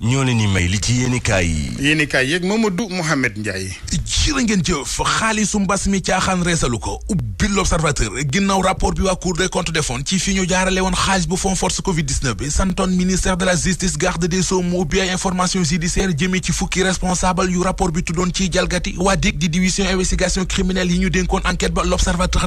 ñoo leen di may li ci yéenekaay yi. yéenekaay yeeg Mamadou Mouhamed Ndiaye. jërë ngeen jëf xaalisu mbas mi caaxaan reesalu ko ubbi l'observateur ginnaaw rapport bi waa cour des comptes defoon ci fi ñu jaarale woon xaalis bu fond force covid 19 bi santoon ministère de la justice garde des sceaux mu ubbi ay information judiciaire jëmee ci fukki responsable yu rapport bi tuddoon ci jalgati waa di division investigation criminelle yi ñu dénkoon enquête ba l'observateur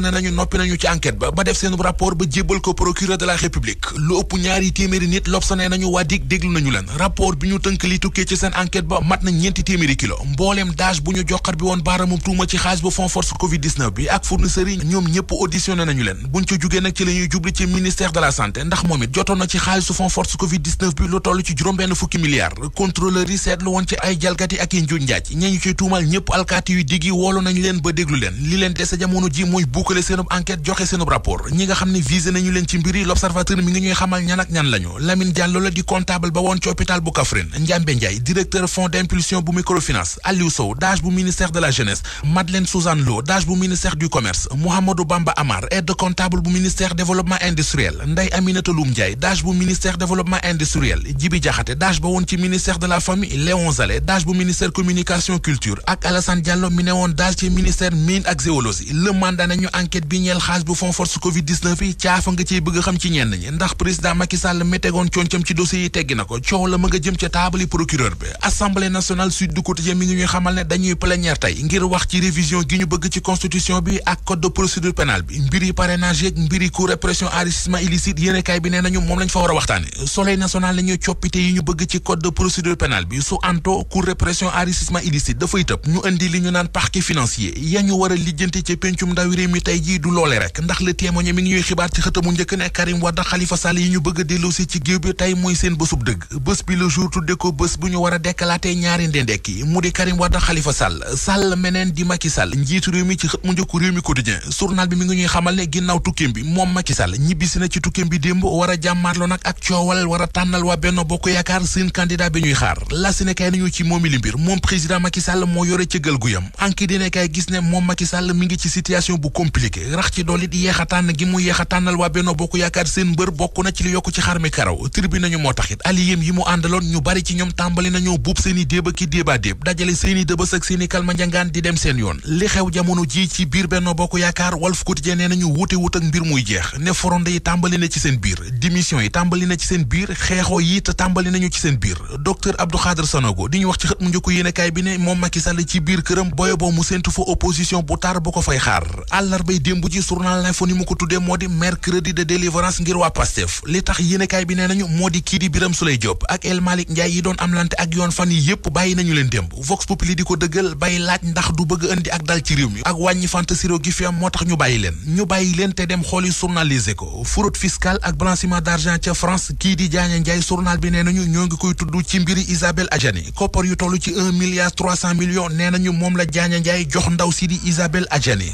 la bi ñu tënkali li tukkee ci seen enquête ba mat na ñeenti téeméeri kilo mbooleem daaj bu ñu joxat bi woon baaraamum tuuma ci xaalis ba fond force covid bi ak fournisseurs ñoom ñëpp auditionné nañu leen bu ñu ci jógee nag ci la ñuy jubli ci ministère de la santé ndax moom it jotoon na ci xaalisu fond force covid 19 bi lu toll ci juróom-benn fukki milliards contrôleurs yi seetlu woon ci ay jalgati ak i njuñ njaaj ñañu ci tuumal ñëpp alkaati yu diggi woolu leen ba déglu leen li leen jamono ji mooy buukale seenub enquête joxe seenub rapport ñi nga xam ne visé nañu leen ci mbiri l'observateur mi ngi ñuy xamal ñan ak ñan lañu Lamine Diallo la di comptable ba woon ci Kaffrine Ndiambe directeur fonds d'impulsion bu microfinance Aliou Sow bu ministère de la jeunesse Madeleine Suzanne Lo DAGE bu ministère du commerce Mouhamadou Bamba Amar aide comptable bu ministère développement industriel Ndeye Aminata Loum Ndiaye bu ministère développement industriel Djibi Diakhaté DAGE ba woon ci ministère de la famille Léon Zalé DAGE bu ministère communication culture ak Alassane Diallo mi ne woon DAGE ci ministère mine ca taabali procureur bi assemblée nationale sud du quotidien mi ngi ñuy xamal ne dañuy plénière tey ngir wax ci révision gi ñu bëgg ci constitution bi ak code de procédure pénale bi mbiri parrainage yeeg mbiri cour répression enrichissement illicite yéene bi nee nañu moom lañ fa war a waxtaane soleil national la ñuy coppite yi ñu bëgg ci code de procédure pénale bi su anto cour répression enrichissement illicite dafay tëb ñu indi li ñu naan parquet financier ñu tudde ko bés bu ñu war a dekkalaatee ñaari ndendekk yi mu di Karim Wade Khalifa Sall Sall meneen di Macky Sall njiitu réew mi ci mu njëkku réew mi quotidien journal bi mi ngi ñuy xamal ne ginnaaw tukkeem bi moom Macky Sall ñibbisi na ci tukkeem bi démb war a jàmmaarloo ak coowal war tànnal waa Benno Bokk Yaakaar seen candidat bi ñuy xaar la nañu ci moom président Macky Sall ngi ci situation bu compliqué rax ci dool it tànn gi mu yeex ñu bari ci ñoom tàmbali nañoo buub seen i déeba déebaa déeb dajale seen i dëbës ak seen i di dem seen yoon li xew jamono ji ci biir Benno Bokk Yaakaar Walf Quotidien nee nañu wuute wut ak mbir muy jeex ne foronde yi tàmbali na ci seen biir démission yi tàmbali na ci seen biir xeexoo yi te tàmbali nañu ci seen biir docteur Abdou Khadre Sanogo di ñu wax ci xët mu njëkk yéenekaay bi ne moom Macky Sall ci biir këram boyo mu séentu fa njaay yi doon amlante ak yoon fan yi yëpp bàyyi nañu leen démb vox populi di ko dëggal bay laaj ndax du bëgg indi ak dal ci réew mi ak wàññi fantasiro gi fi am moo tax ñu bàyyi leen ñu bàyyi leen te dem xooli journaliser ko fraude fiscale ak blanchiment d'argent ca France kii di jaaña njaay journal bi nee nañu ñoo ngi koy tudd ci mbiri Isabelle Adjani koppar yu toll ci un milliard trois cent millions nee nañu moom la jaaña njaay jox ndaw si di Isabelle Adjani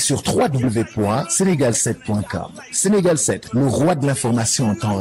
sur www.sénégal7.com. Sénégal 7, le roi de l'information en temps